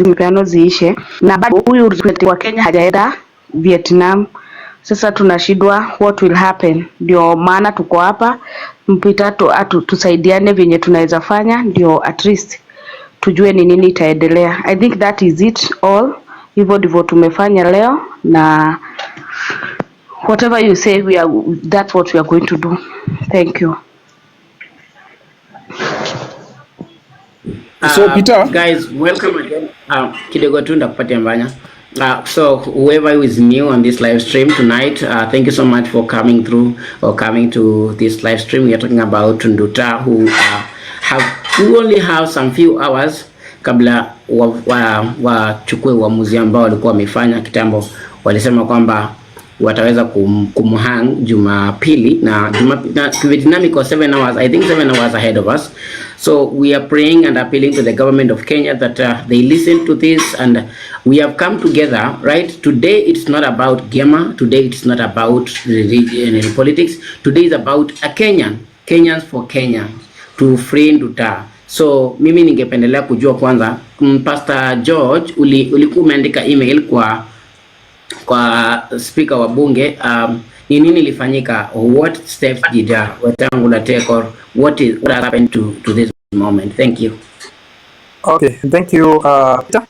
hizi zimepeanwa ziishe, na bado huyu representative wa Kenya hajaenda Vietnam. Sasa tunashindwa what will happen. Ndio maana tuko hapa mpita tu, atu, tusaidiane venye tunaweza fanya, ndio at least tujue ni nini itaendelea. I think that is it all. Hivyo ndivyo tumefanya leo na whatever you say we are, that's what we are going to do. Thank you. So, Peter. guys, welcome again. Uh, kidogo tu ndakupatia mbanya. Uh, so whoever is new on this live stream tonight, uh, thank you so much for coming through or coming to this live stream. We are talking about Tunduta who uh, have who only have some few hours kabla wachukue wa, wa uamuzi ambao walikuwa wamefanya kitambo. Walisema kwamba wataweza kum, kumhang Jumapili na Jumapili na, with dynamic 7 hours I think 7 hours ahead of us So we are praying and appealing to the government of Kenya that uh, they listen to this and we have come together, right? Today it's not about Gema. Today it's not about religion uh, politics. Today is about a Kenyan, Kenyans for Kenya to free Nduta. So mimi ningependelea kujua kwanza, mm, Pastor George, ulikuwa umeandika email kwa kwa speaker wa bunge um, ni nini ilifanyika? What steps did uh, Wetangula take or what is what happened to to this moment? Thank you. Okay, thank you uh, Peter.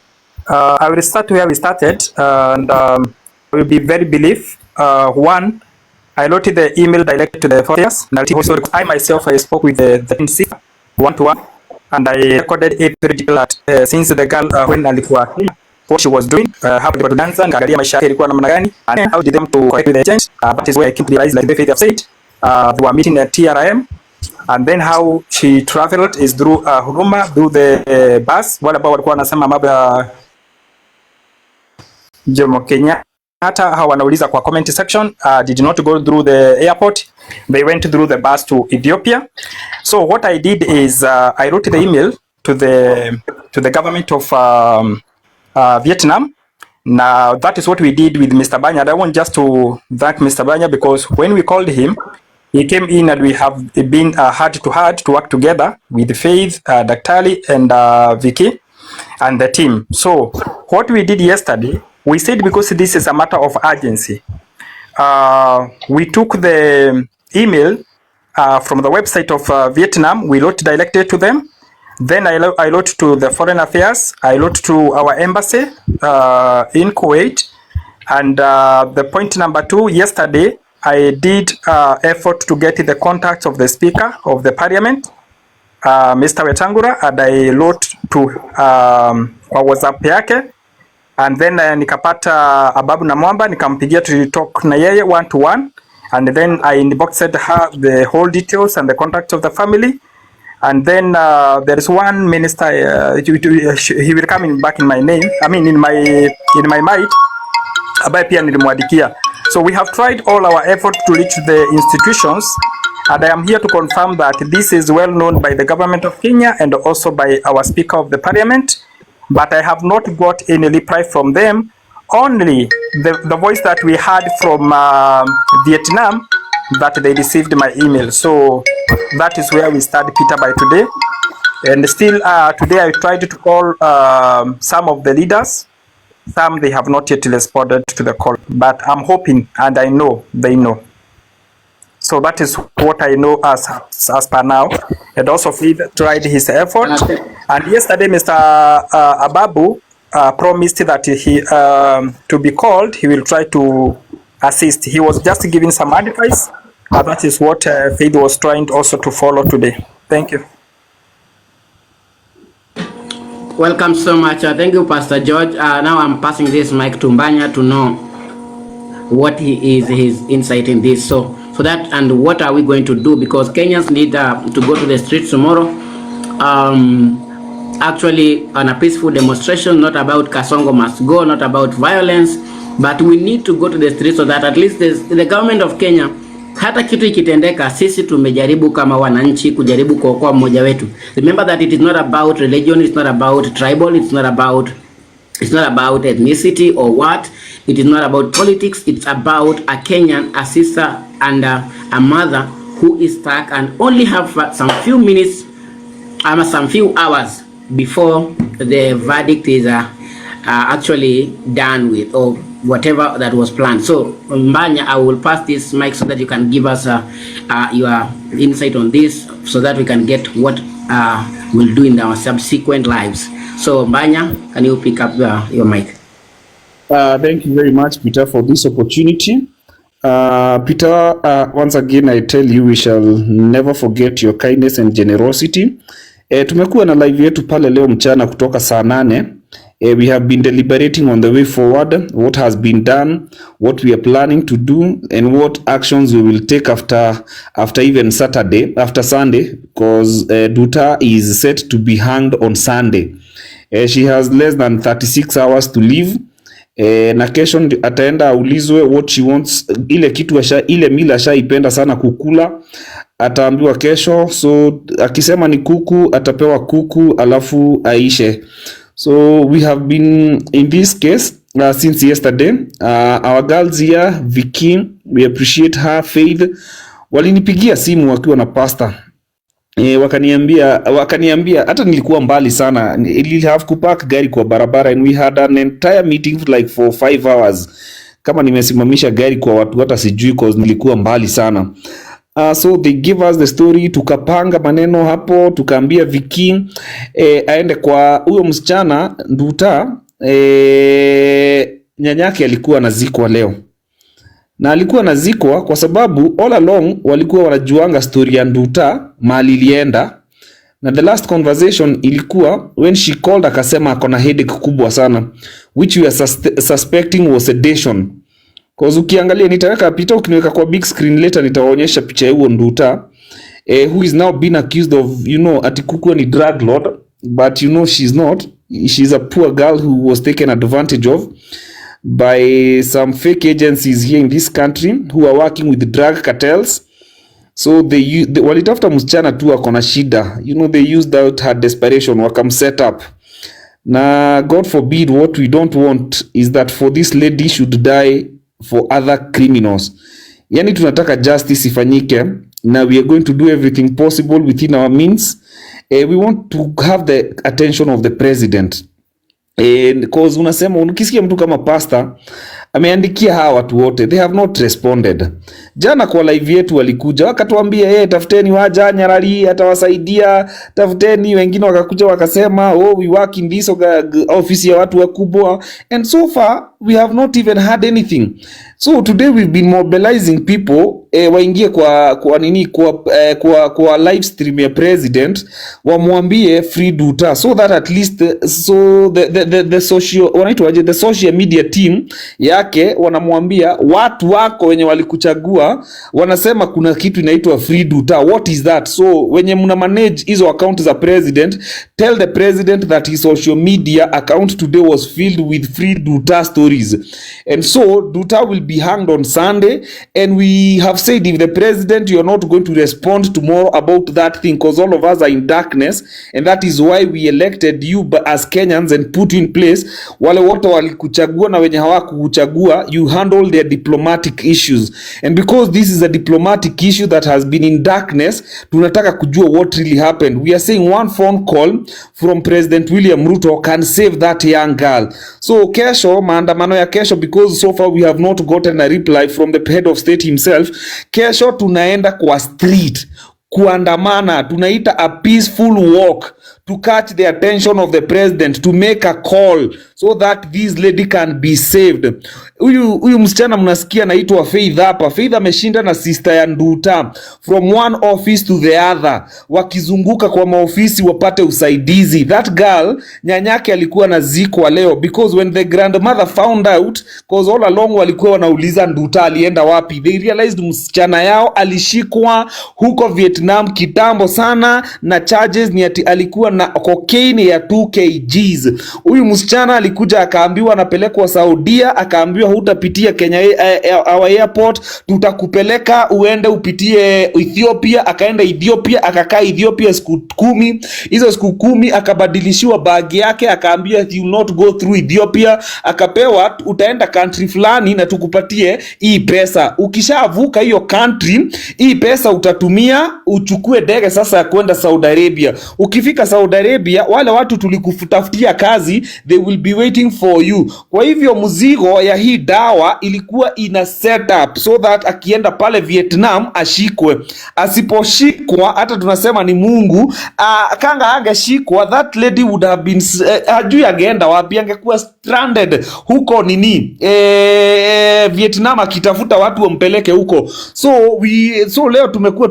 Uh, I will start where we started and um, I will be very brief. Uh, one, I wrote the email directed to the foreigners. Also, I myself I spoke with the, the NC one to one and I recorded a particular uh, since the girl uh, when alikuwa what she was doing. Uh, how hapo dance and nikaangalia maisha yake ilikuwa namna gani and how did them to with the change. Uh, that is where I came to realize like the faith have said, uh, they were meeting at TRM and then how she traveled is through uh, Huruma through the uh, bus. what about walikuwa wanasema mambo ya Jomo Kenya hata hawa wanauliza kwa comment section uh, did not go through the airport they went through the bus to Ethiopia so what I did is uh, I wrote the email to the to the government of um, uh, Vietnam. Now that is what we did with Mr. Banya. I want just to thank Mr. Banya because when we called him, he came in and we have been uh, hard to hard to work together with Faith, uh, Daktari and uh, Vicky and the team. So what we did yesterday, we said because this is a matter of urgency, uh, we took the email uh, from the website of uh, Vietnam, we wrote directly to them Then I, I wrote to the foreign affairs. I wrote to our embassy uh, in Kuwait. And uh, the point number two, yesterday I did uh, effort to get the contacts of the Speaker of the Parliament, uh, Mr. wetangura and I wrote to um, kwa WhatsApp yake and then uh, nikapata uh, Ababu na Mwamba nikampigia to talk na yeye one to one and then I inboxed her the whole details and the contacts of the family and then uh, there is one minister uh, he will come in back in my name I mean in my in my mind ambaye pia nilimwadikia so we have tried all our effort to reach the institutions and I am here to confirm that this is well known by the government of Kenya and also by our speaker of the parliament but I have not got any reply from them only the, the voice that we had from uh, Vietnam that they received my email. So that is where we start Peter by today. And still uh, today I tried to call um, some of the leaders. Some they have not yet responded to the call, but I'm hoping and I know they know. So that is what I know as as per now. And also he tried his effort. And yesterday Mr. Uh, Ababu uh, promised that he um, to be called, he will try to assist. He was just giving some advice uh, that is what uh, Faith was trying also to follow today. Thank you. Welcome so much. Uh, thank you, Pastor George. Uh, now I'm passing this mic to Mbanya to know what he is his insight in this. So, so that and what are we going to do? Because Kenyans need uh, to go to the streets tomorrow. Um, actually, on a peaceful demonstration, not about Kasongo must go, not about violence, but we need to go to the streets so that at least the government of Kenya hata kitu ikitendeka, sisi tumejaribu kama wananchi kujaribu kuokoa mmoja wetu. Remember that it is not about religion, it's not about tribal, it's not about It's not about ethnicity or what. It is not about politics. It's about a Kenyan, a sister and a, a mother who is stuck and only have some few minutes um, some few hours before the verdict is uh, uh, actually done with or whatever that was planned. So Mbanya, I will pass this mic so that you can give us uh, uh, your insight on this so that we can get what uh, we'll do in our subsequent lives. So Mbanya, can you pick up uh, your mic? Uh, thank you very much, Peter, for this opportunity. Uh, Peter, uh, once again, I tell you, we shall never forget your kindness and generosity. Eh, tumekuwa na live yetu pale leo mchana kutoka saa nane Uh, we have been deliberating on the way forward, what has been done, what we are planning to do, and what actions we will take after after even Saturday, after Sunday, because uh, eh, Duta is set to be hanged on Sunday. Uh, she has less than 36 hours to live. Eh, na kesho ataenda aulizwe what she wants, ile kitu asha, ile mila ashaipenda sana kukula ataambiwa kesho. So akisema ni kuku atapewa kuku alafu aishe. So we have been in this case uh, since yesterday uh, our girls here Vicky, we appreciate her faith. Walinipigia simu wakiwa na pastor E, wakaniambia wakaniambia hata nilikuwa mbali sana, ili have park gari kwa barabara and we had an entire meeting like for five hours, kama nimesimamisha gari kwa watu hata sijui cause nilikuwa mbali sana. Uh, so they give us the story, tukapanga maneno hapo, tukaambia Viki eh, aende kwa huyo msichana Nduta. Eh, nyanyake alikuwa anazikwa leo na alikuwa anazikwa kwa sababu all along walikuwa wanajuanga story ya Nduta mali ilienda, na the last conversation ilikuwa when she called akasema akona headache kubwa sana which we are sus suspecting was sedation Cause ukiangalia nitaweka picha, ukiniweka kwa big screen later nitaonyesha picha ya huo Nduta eh, who is now being accused of you know ati kukua ni drug lord but you know she's not she's a poor girl who was taken advantage of by some fake agencies here in this country who are working with drug cartels so they, they walitafuta msichana tu ako na shida you know they used out her desperation wakam set up na god forbid what we don't want is that for this lady should die for other criminals. Yani tunataka justice ifanyike na we are going to do everything possible within our means. Eh, we want to have the attention of the president. Eh, cause unasema unakisikia mtu kama pastor ameandikia hawa watu wote, they have not responded. Jana kwa live yetu walikuja wakatuambia, yeye tafuteni waja Nyarali atawasaidia, tafuteni wengine. Wakakuja wakasema, oh we work in this office ya watu wakubwa, and so far we have not even had anything so today we've been mobilizing people eh, waingie kwa kwa nini kwa, eh, kwa kwa live stream ya president wamwambie free Duta so that at least eh, so the the, the, the social wanaitwaje the social media team yake wanamwambia watu wako wenye walikuchagua wanasema kuna kitu inaitwa free Duta what is that so wenye mna manage hizo account za president tell the president that his social media account today was filled with free Duta story stories. And so Duta will be hanged on Sunday. And we have said if the president, are not going to respond tomorrow about that thing because all of us are in darkness. And that is why we elected you as Kenyans and put in place. Wale wote walikuchagua na wenye hawakukuchagua, you handle their diplomatic issues. And because this is a diplomatic issue that has been in darkness, tunataka kujua what really happened. We are saying one phone call from President William Ruto can save that young girl. So kesho maandamano maandamano ya kesho, because so far we have not gotten a reply from the head of state himself. Kesho tunaenda kwa street kuandamana, tunaita a peaceful walk to catch the attention of the president to make a call so that this lady can be saved. Huyu huyu msichana mnasikia anaitwa Faith hapa. Faith ameshinda na sister ya Nduta from one office to the other, wakizunguka kwa maofisi wapate usaidizi. That girl nyanyake alikuwa anazikwa leo because when the grandmother found out, because all along walikuwa wanauliza Nduta alienda wapi. They realized msichana yao alishikwa huko Vietnam kitambo sana, na charges ni ati alikuwa na na cocaine ya 2 kgs. Huyu msichana alikuja akaambiwa anapelekwa Saudia, akaambiwa hutapitia Kenya eh, eh, our airport, tutakupeleka uende upitie Ethiopia. Akaenda Ethiopia, akakaa Ethiopia siku kumi. Hizo siku kumi akabadilishiwa bagi yake, akaambiwa you not go through Ethiopia, akapewa utaenda country fulani na tukupatie hii pesa. Ukishavuka hiyo country, hii pesa utatumia uchukue ndege sasa ya kwenda Saudi Arabia. Ukifika Saudi Saudi Arabia, wale watu tulikutafutia kazi, they will be waiting for you. Kwa hivyo mzigo ya hii dawa ilikuwa ina set up so that akienda pale Vietnam ashikwe, asiposhikwa hata tunasema ni Mungu. Uh, kanga angeshikwa, that lady would have been uh, eh, ajui angeenda wapi, angekuwa stranded huko nini, e, Vietnam akitafuta watu wampeleke huko. So we so leo tumekuwa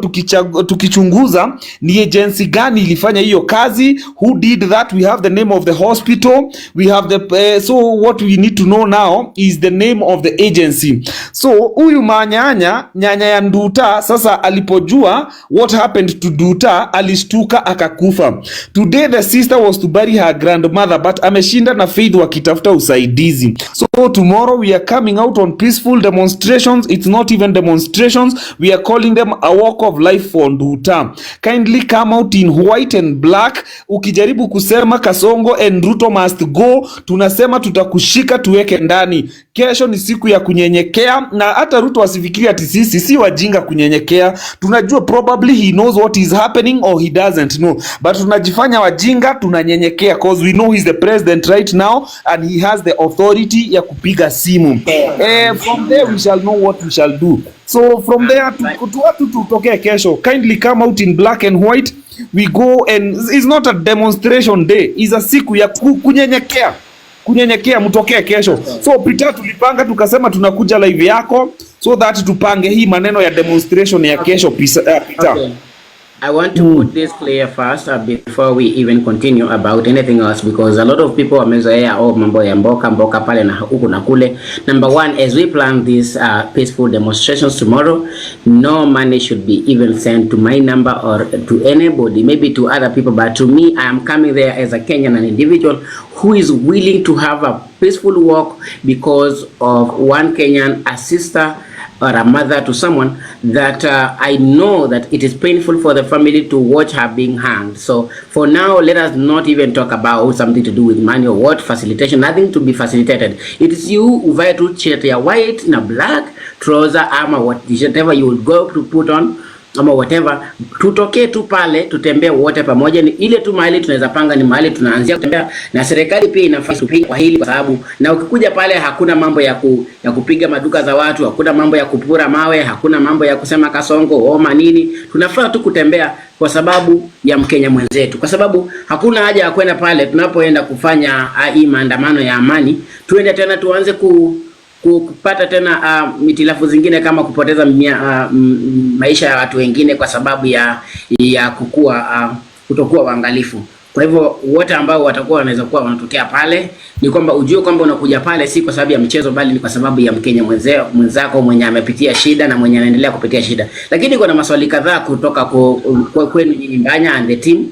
tukichunguza ni agency gani ilifanya hiyo kazi mzazi who did that we have the name of the hospital we have the uh, so what we need to know now is the name of the agency so huyu manyanya nyanya ya Nduta sasa alipojua what happened to Nduta alishtuka akakufa today the sister was to bury her grandmother but ameshinda na Faith wakitafuta usaidizi so tomorrow we are coming out on peaceful demonstrations it's not even demonstrations we are calling them a walk of life for Nduta kindly come out in white and black ukijaribu kusema Kasongo and Ruto must go, tunasema tutakushika tuweke ndani. Kesho ni siku ya kunyenyekea, na hata Ruto asifikiri ati sisi si wajinga kunyenyekea. Tunajua probably he knows what is happening or he doesn't know, but tunajifanya wajinga, tunanyenyekea cause we know he's the president right now and he has the authority ya kupiga simu. Eh, from there we shall know what we shall do. So from there tu, tu, tu, tu, tu, tu, tu, tu, tu, t we go and it's not a demonstration day, is a siku ya kunyenyekea kunyenyekea, mtokee kesho. So pita tulipanga tukasema tunakuja live yako so that tupange hii maneno ya demonstration ya kesho pita uh, Okay. I want to put this clear first uh, before we even continue about anything else because a lot of people wamezoea oh, mambo ya mboka mboka pale na huku na kule. Number one, as we plan these uh, peaceful demonstrations tomorrow, no money should be even sent to my number or to anybody, maybe to other people, but to me, I am coming there as a Kenyan, an individual who is willing to have a peaceful walk because of one Kenyan, a sister or a mother to someone that uh, I know that it is painful for the family to watch her being hanged. So for now, let us not even talk about something to do with money or what facilitation, nothing to be facilitated. It is you uvae tu to your white na black trouser armor, whatever you would go to put on ama whatever, tutokee tu pale, tutembee wote pamoja. Ni ile tu mahali tunaweza panga, ni mahali tunaanzia kutembea, na serikali pia inafaa kwa hili, kwa sababu na ukikuja pale hakuna mambo ya, ku, ya kupiga maduka za watu, hakuna mambo ya kupura mawe, hakuna mambo ya kusema kasongo oma nini. Tunafaa tu kutembea kwa sababu ya Mkenya mwenzetu, kwa sababu hakuna haja ya kwenda pale tunapoenda kufanya ah, hii maandamano ya amani, tuende tena tuanze ku kupata tena uh, ah, mitilafu zingine kama kupoteza mia, uh, maisha ya watu wengine kwa sababu ya ya kukua uh, kutokuwa waangalifu. Kwa hivyo wote ambao watakuwa wanaweza kuwa wanatokea pale, ni kwamba ujue kwamba unakuja pale si kwa sababu ya mchezo, bali ni kwa sababu ya Mkenya mwenzeo mwenzako mwenye amepitia shida na mwenye anaendelea kupitia shida. Lakini kuna maswali kadhaa kutoka kwa kwenu nyinyi Mbanya and the team.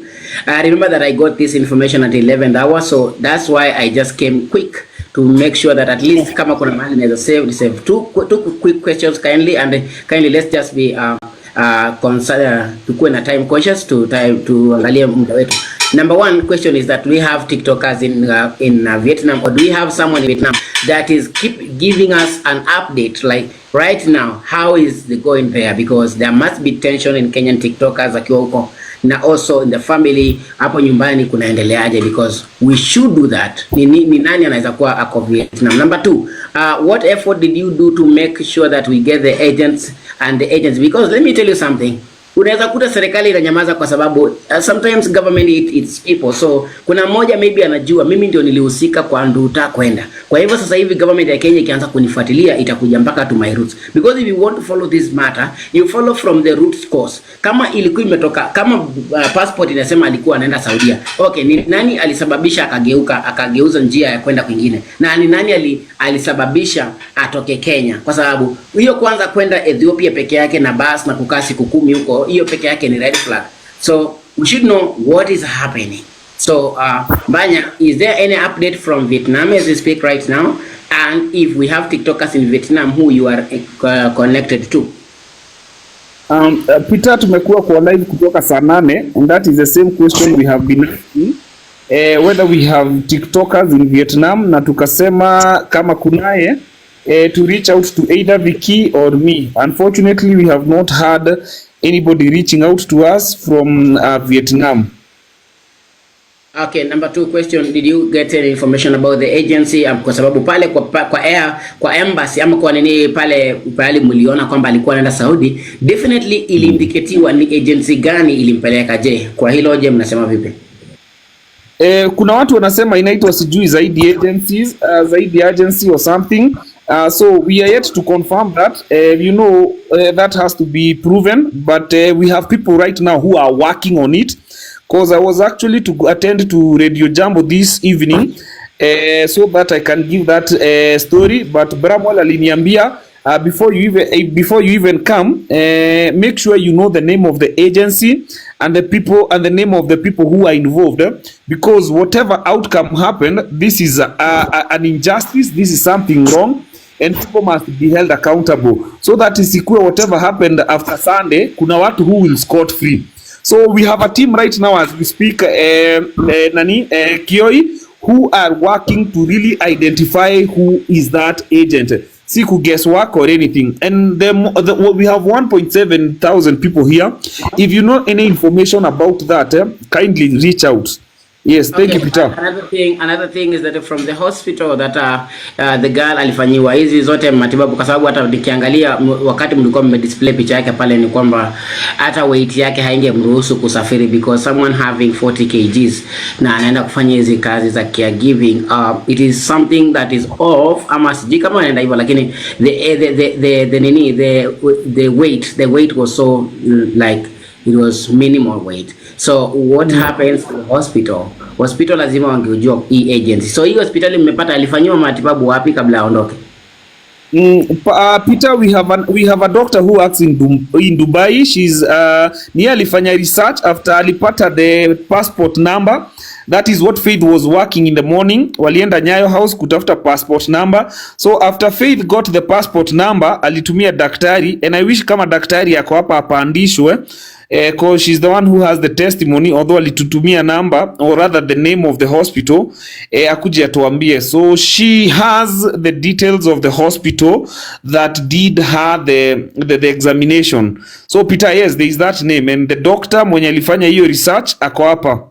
I remember that I got this information at 11 hours so that's why I just came quick to make sure that at least kama kuna mahali naweza save ni save two, two quick questions kindly and kindly let's just be uh, uh, consider uh, tukue na time conscious to time to angalia muda wetu. Number one question is that we have TikTokers in uh, in uh, Vietnam or do we have someone in Vietnam that is keep giving us an update like right now how is the going there because there must be tension in Kenyan TikTokers akiwa huko na also in the family hapo nyumbani kunaendeleaje, because we should do that. Ni, ni, ni nani anaweza kuwa ako Vietnam? Number two, uh, what effort did you do to make sure that we get the agents and the agents, because let me tell you something unaweza kuta serikali inanyamaza kwa sababu uh, sometimes government it, it's people. So kuna mmoja maybe anajua mimi ndio nilihusika kwa Nduta kwenda. Kwa hivyo sasa hivi government ya Kenya ikianza kunifuatilia itakuja mpaka to my roots, because if you want to follow this matter you follow from the roots cause. Kama ilikuwa imetoka kama uh, passport inasema alikuwa anaenda Saudi. okay, ni nani alisababisha akageuka akageuza njia ya kwenda kwingine, na ni nani ali, alisababisha atoke Kenya? Kwa sababu hiyo kwanza kwenda Ethiopia peke yake na bus na kukaa siku kumi huko hiyo peke yake ni red flag. So we should know what is happening. So uh, Banya, is there any update from Vietnam as we speak right now? And if we have TikTokers in Vietnam who you are uh, connected to? Um, uh, Peter tumekuwa kwa live kutoka saa nane and that is the same question we have been asking. Eh, whether we have TikTokers in Vietnam na tukasema kama kunaye eh, to reach out to either Vicky or me. Unfortunately, we have not had anybody reaching out to us from uh, Vietnam. Okay, number two question, did you get any information about the agency? Um, kwa sababu pale kwa pa, kwa air, kwa embassy ama kwa nini pale pale mliona kwamba alikuwa anaenda Saudi, definitely iliindiketiwa ni agency gani ilimpeleka. Je, kwa hilo je, mnasema vipi? Eh, kuna watu wanasema inaitwa sijui zaidi agencies, uh, zaidi agency or something Uh, so we are yet to confirm that. Uh, you know, uh, that has to be proven, but uh, we have people right now who are working on it. Because I was actually to attend to Radio Jambo this evening uh, so that I can give that uh, story. But Bramwal aliniambia uh, before you even eh, before you even come, make sure you know the name of the agency and the people and the name of the people who are involved eh? because whatever outcome happened, this is a, a, an injustice. This is something wrong. and people must be held accountable so that isikuwe whatever happened after Sunday kuna watu who will scot free so we have a team right now as we speak uh, uh, nani uh, Kioi who are working to really identify who is that agent si ku work or anything and the, the, we have 1.7 thousand people here if you know any information about that eh, kindly reach out Yes, thank okay. you Peter. Another thing, another thing is that from the hospital that uh, uh, the girl alifanyiwa hizi zote matibabu, kwa sababu hata nikiangalia wakati mlikuwa mme display picha yake pale, ni kwamba hata weight yake hainge mruhusu kusafiri because someone having 40 kgs na anaenda kufanya hizi kazi za caregiving uh, it is something that is off, ama sijui kama anaenda hivyo, lakini the the the the nini the the weight the weight was so mm, like it was minimal weight. So what mm. happens in hospital? Hospital lazima wangejua hii agency. So hii hospitali mmepata alifanyiwa matibabu wapi kabla aondoke? Mm, uh, Peter, we have an, we have a doctor who works in, in Dubai. She's uh, ni alifanya research after alipata the passport number That is what Faith was working in the morning. Walienda Nyayo House kutafuta passport number. So after Faith got the passport number, alitumia daktari and I wish kama daktari ako hapa apandishwe eh, cause she's the one who has the testimony although alitutumia number or rather the name of the hospital eh, akuje atuambie. So she has the details of the hospital that did her the, the, the examination. So Peter, yes, there is that name and the doctor mwenye alifanya hiyo research ako hapa.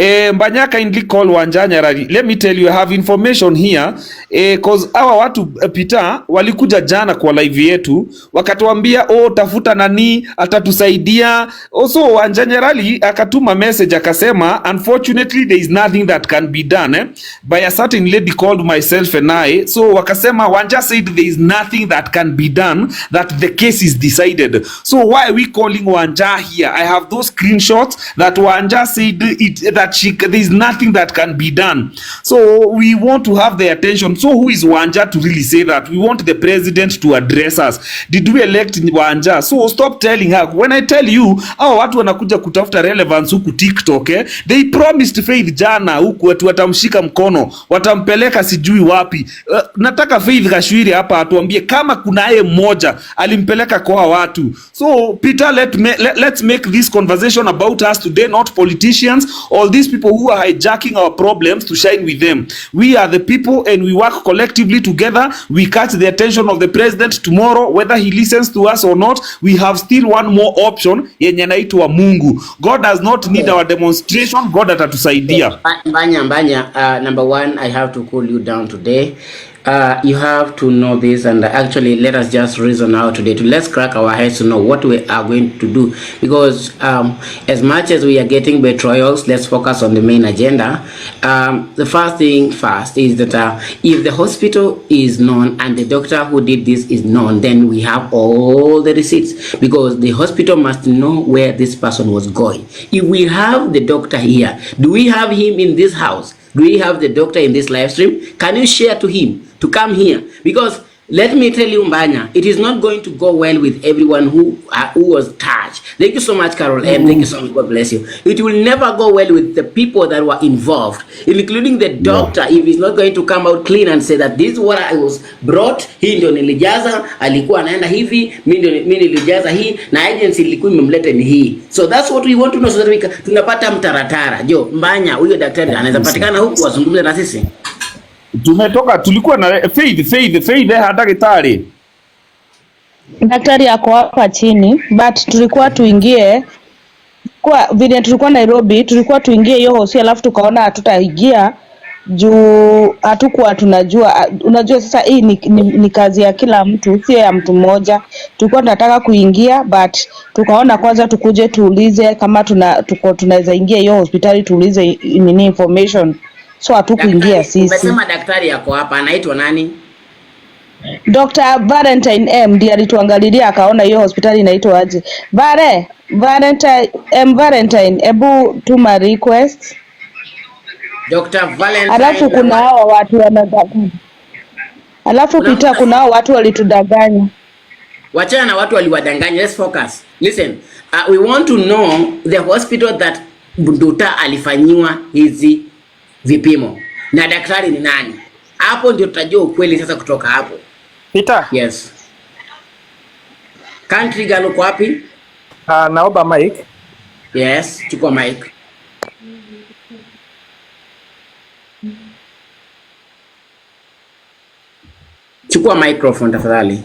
Eh, Mbanya kindly call Wanjanya Wanjanyarari. Let me tell you I have information here eh, cause hawa watu eh, pita walikuja jana kwa live yetu wakatuambia, oh, tafuta nani atatusaidia. Also Wanjanya Wanjanyarari akatuma message akasema, unfortunately there is nothing that can be done eh, by a certain lady called myself and I. So wakasema Wanja said there is nothing that can be done that the case is decided. So why are we calling Wanja here? I have those screenshots that Wanja said it, that that she there is nothing that can be done. So we want to have the attention. So who is Wanja to really say that? We want the president to address us. Did we elect Wanja? So stop telling her. When I tell you, hao watu wanakuja kutafuta relevance huku TikTok eh? They promised Faith jana huku watu watamshika mkono, watampeleka sijui wapi. Uh, nataka Faith Gachagua hapa atuambie kama kuna yeye mmoja alimpeleka kwa watu. So Peter let me, let, let's make this conversation about us today not politicians all these people who are hijacking our problems to shine with them. We are the people and we work collectively together. We catch the attention of the president tomorrow, whether he listens to us or not. We have still one more option yenye naitwa Mungu. God does not need our demonstration. God atatusaidia. Banya, Banya, uh, number one, I have to cool you down today. Uh, you have to know this and actually let us just reason out today to let's crack our heads to know what we are going to do because um, as much as we are getting betrayals let's focus on the main agenda um, the first thing first is that uh, if the hospital is known and the doctor who did this is known then we have all the receipts because the hospital must know where this person was going if we have the doctor here do we have him in this house do we have the doctor in this live stream can you share to him to come here because let me tell you Mbanya, it is not going to go well with everyone who uh, who was touched. Thank you so much, Carol M. Thank you so much. God bless you. It will never go well with the people that were involved, including the doctor. No. If he's not going to come out clean and say that this is what I was brought, hii ndio nilijaza, alikuwa anaenda hivi, mimi ndio mimi nilijaza hii na agency ilikuwa imemleta ni hii. So that's what we want to know so that we tunapata mtaratara. Jo, Mbanya, huyo daktari anaweza patikana huku wazungumze na sisi. Tumetoka, tulikuwa na Faith. Faith, Faith daktari eh, daktari ako hapa chini, but tulikuwa tuingie kwa vile tulikuwa Nairobi, tulikuwa tuingie hiyo hosi, alafu tukaona hatutaingia juu hatukuwa tunajua. Ah, unajua sasa hii ni, ni, ni kazi ya kila mtu, sio ya mtu mmoja. Tulikuwa tunataka kuingia but tukaona kwanza tukuje tuulize kama tuna tuko tunaweza ingia hiyo hospitali tuulize nini information so hatukuingia sisi. Umesema daktari yako hapa anaitwa nani? Dr. Valentine M ndiye alituangalilia akaona hiyo hospitali inaitwa aje. Vare, Valentine M Valentine, ebu tuma request. Dr. Valentine. Alafu kuna hao watu wanadanganya. Alafu pita kuna hao watu walitudanganya. Wachana na watu waliwadanganya. Let's focus. Listen, uh, we want to know the hospital that Nduta alifanyiwa hizi vipimo na daktari ni nani. Hapo ndio tutajua ukweli sasa. Kutoka hapo Peter, yes. Country Girl uko wapi? Uh, naomba mic. Yes, chukua mic. Chukua microphone tafadhali.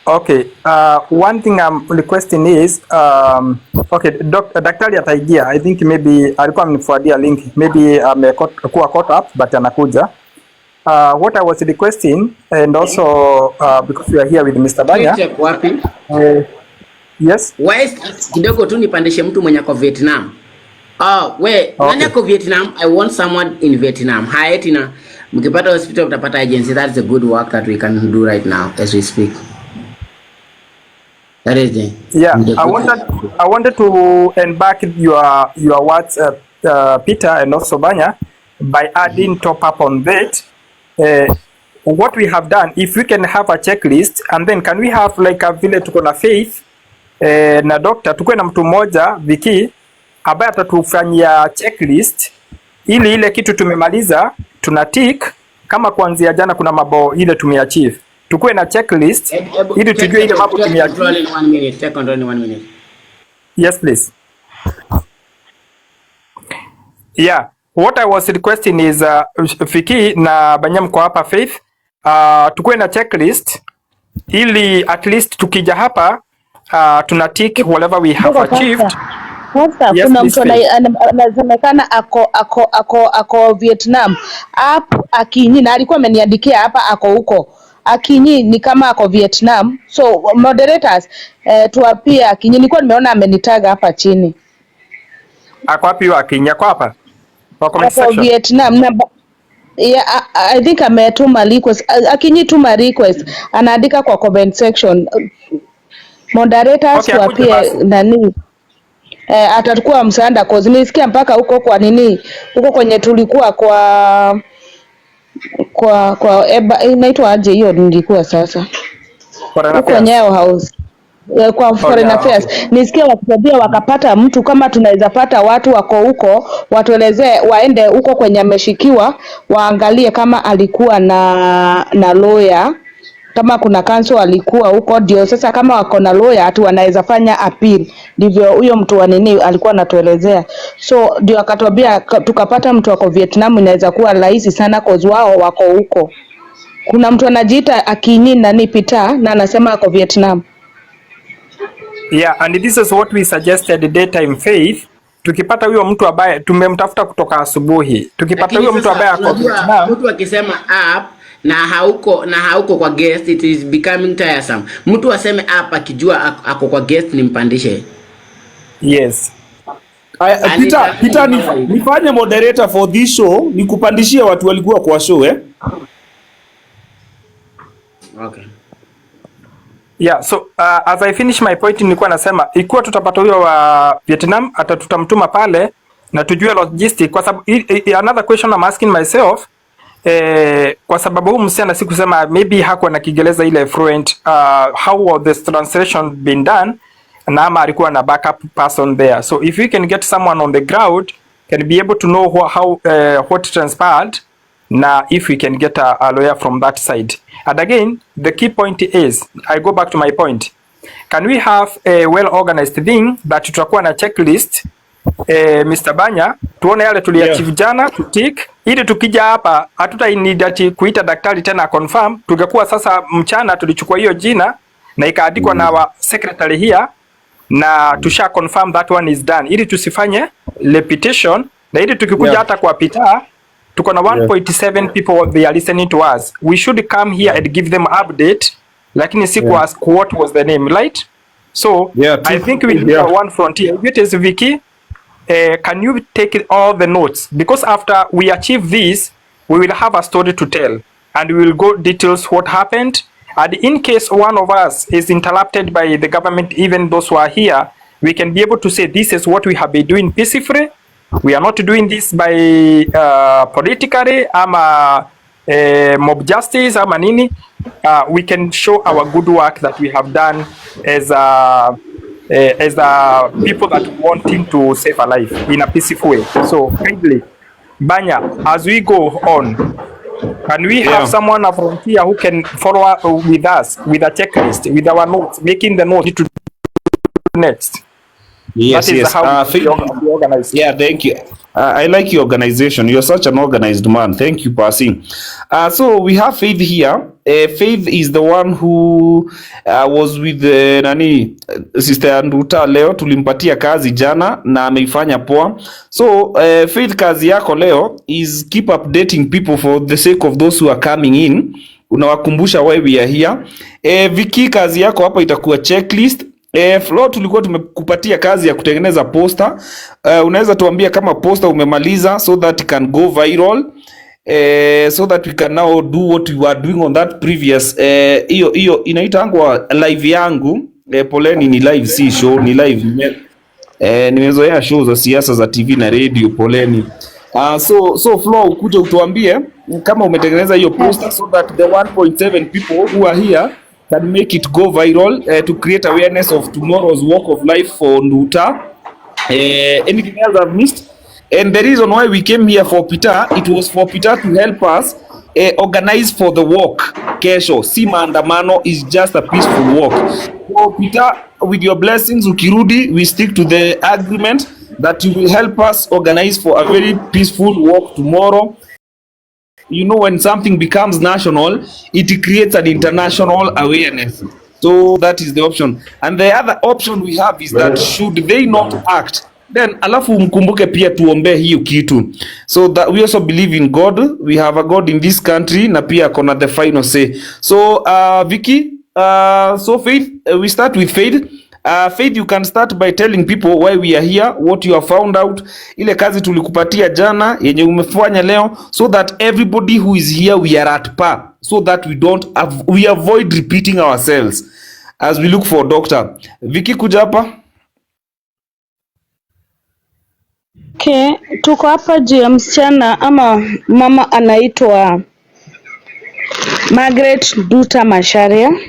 Okay, uh, one thing I'm requesting is um, okay, doc, uh, daktari ataingia. I think maybe alikuwa amenifuadia link maybe amekuwa um, caught up but anakuja. Uh, what I was requesting and also uh, because we are here with Mr. Banya. Wapi? Uh, yes. West kidogo tu nipandishe mtu mwenye kwa Vietnam. Oh, we, okay. Nani kwa Vietnam? I want someone in Vietnam. Hi, Haetina mkipata hospital mtapata agency. That's a good work that we can do right now as we speak. Yeah, I wanted I wanted to embark your your words, uh, uh, Peter and also Banya, by adding top up on that. Uh, what we have done, if we can have a checklist and then can we have like a vile tuko na faith eh, na doctor tukuwe na mtu mmoja Viki ambaye atatufanyia checklist ili ile kitu tumemaliza tuna tick, kama kuanzia jana kuna mabo ile tumeachieve tukuwe na checklist ili tujue ile mambo kimya. Yes, please. Yeah, what I was requesting is uh, Fiki na Banyam kwa hapa Faith uh, tukuwe na checklist ili at least tukija hapa uh, tuna tick whatever we have achieved. Sasa yes, kuna mtu anasemekana ako ako ako ako Vietnam hapo akinyi na alikuwa ameniandikia hapa ako huko Akinyi ni kama ako Vietnam. So moderators, eh, tuwapie Akinyi. Nilikuwa nimeona amenitaga hapa chini. Ako wapi wa Akinyi? Ako hapa? Kwa comment Ako section. Vietnam. Na, yeah, I, I think ametuma request. Akinyi tuma request. Anaandika kwa comment section. Moderators Okay, akuje tuwapie nani eh, atakuwa msaada cause nisikia mpaka huko kwa nini huko kwenye tulikuwa kwa kwa kwa inaitwa aje hiyo nilikuwa sasa huko Nyayo House eh, kwa oh, foreign affairs nisikia wakitabia wakapata mtu kama tunaweza pata watu wako huko watuelezee waende huko kwenye ameshikiwa waangalie kama alikuwa na na lawyer kama kuna kanso alikuwa huko, ndio sasa kama wako na lawyer atu wanaweza fanya appeal. Ndivyo huyo mtu wa nini alikuwa anatuelezea, so ndio akatuambia tukapata mtu wako Vietnam inaweza kuwa rahisi sana cause wao wako huko. Kuna mtu anajiita Akinyi nani Pita na anasema ako Vietnam. Yeah, and this is what we suggested daytime faith. Tukipata huyo mtu ambaye tumemtafuta kutoka asubuhi, tukipata huyo mtu ambaye ako Vietnam, mtu akisema app na hauko na hauko kwa guest, it is becoming tiresome. Mtu aseme hapa akijua ako kwa guest nimpandishe. Yes. I, yaani Peter, Peter nifanye moderator for this show, nikupandishie watu walikuwa kwa show eh? Okay. Yeah, so uh, as I finish my point nilikuwa nasema ikiwa tutapata huyo wa Vietnam ata tutamtuma pale na tujue logistic, kwa sababu another question I'm asking myself Eh, kwa sababu huyu msichana kusema maybe hakuwa na Kiingereza ile fluent, uh, how was this translation been done na ama alikuwa na backup person there, so if you can get someone on the ground can be able to know who, how uh, what transpired na if we can get a, a lawyer from that side. And again the key point is I go back to my point, can we have a well organized thing that tutakuwa na checklist eh, Mr. Banya tuone yale tuliachieve jana tutik, ili tukija hapa hatuta need ati kuita daktari tena confirm. Tungekuwa sasa mchana tulichukua hiyo jina na ikaandikwa mm -hmm. na wa secretary here na mm. tusha confirm that one is done, ili tusifanye repetition na ili tukikuja yeah. hata kwa pita tuko na 1.7 yeah. people they are listening to us, we should come here yeah. and give them update, lakini si yeah. kwa what was the name right so yeah, I think we yeah. one frontier it is Vicky uh, can you take all the notes? Because after we achieve this, we will have a story to tell and we will go details what happened. And in case one of us is interrupted by the government, even those who are here, we can be able to say this is what we have been doing peacefully. We are not doing this by uh, politically, I'm a, a mob justice, I'm a nini. Uh, we can show our good work that we have done as a uh, as the people that wanting to save a life in a peaceful way. So kindly, Banya, as we go on, can we yeah. have someone a here who can follow up with us with a checklist, with our notes, making the notes to next? Yes, that is yes. How uh, we, think, organize. Yeah, thank you. Uh, I like your organization. You're such an organized man. Thank you, Pasi. Uh, so we have Faith here. Uh, Faith is the one who uh, was with uh, nani Sister Anduta leo tulimpatia kazi jana na ameifanya poa. So uh, Faith, kazi yako leo is keep updating people for the sake of those who are coming in. Unawakumbusha why we are here. Uh, Vicky, kazi yako hapa itakuwa checklist E, Flo tulikuwa tumekupatia kazi ya kutengeneza poster. Uh, unaweza tuambia kama poster umemaliza so that it can go viral. Uh, so that we can now do what we were doing on that previous hiyo uh, hiyo inaitangwa live yangu. Uh, poleni ni live si show, ni live. Eh, nimezoea show za siasa za TV na radio poleni. Uh, so so Flo ukuje utuambie kama umetengeneza hiyo poster so that the 1.7 people who are here that make it go viral uh, to create awareness of tomorrow's walk of life for Nduta. Uh, anything else I've missed? And the reason why we came here for Peter, it was for Peter to help us uh, organize for the walk. Kesho, si maandamano is just a peaceful walk. So Peter, with your blessings, ukirudi, we stick to the agreement that you will help us organize for a very peaceful walk tomorrow. you know when something becomes national it creates an international awareness so that is the option and the other option we have is that should they not act then alafu mkumbuke pia tuombee hiyo kitu so that we also believe in God we have a God in this country na pia kona the final say so uh, Vicky uh, so faith uh, we start with faith Uh, Faith, you can start by telling people why we are here, what you have found out, ile kazi tulikupatia jana yenye umefanya leo, so that everybody who is here we are at par, so that we don't av we avoid repeating ourselves as we look for doctor. Viki, kuja hapa. Okay, tuko hapa juu ya msichana ama mama anaitwa Margaret Duta Masharia.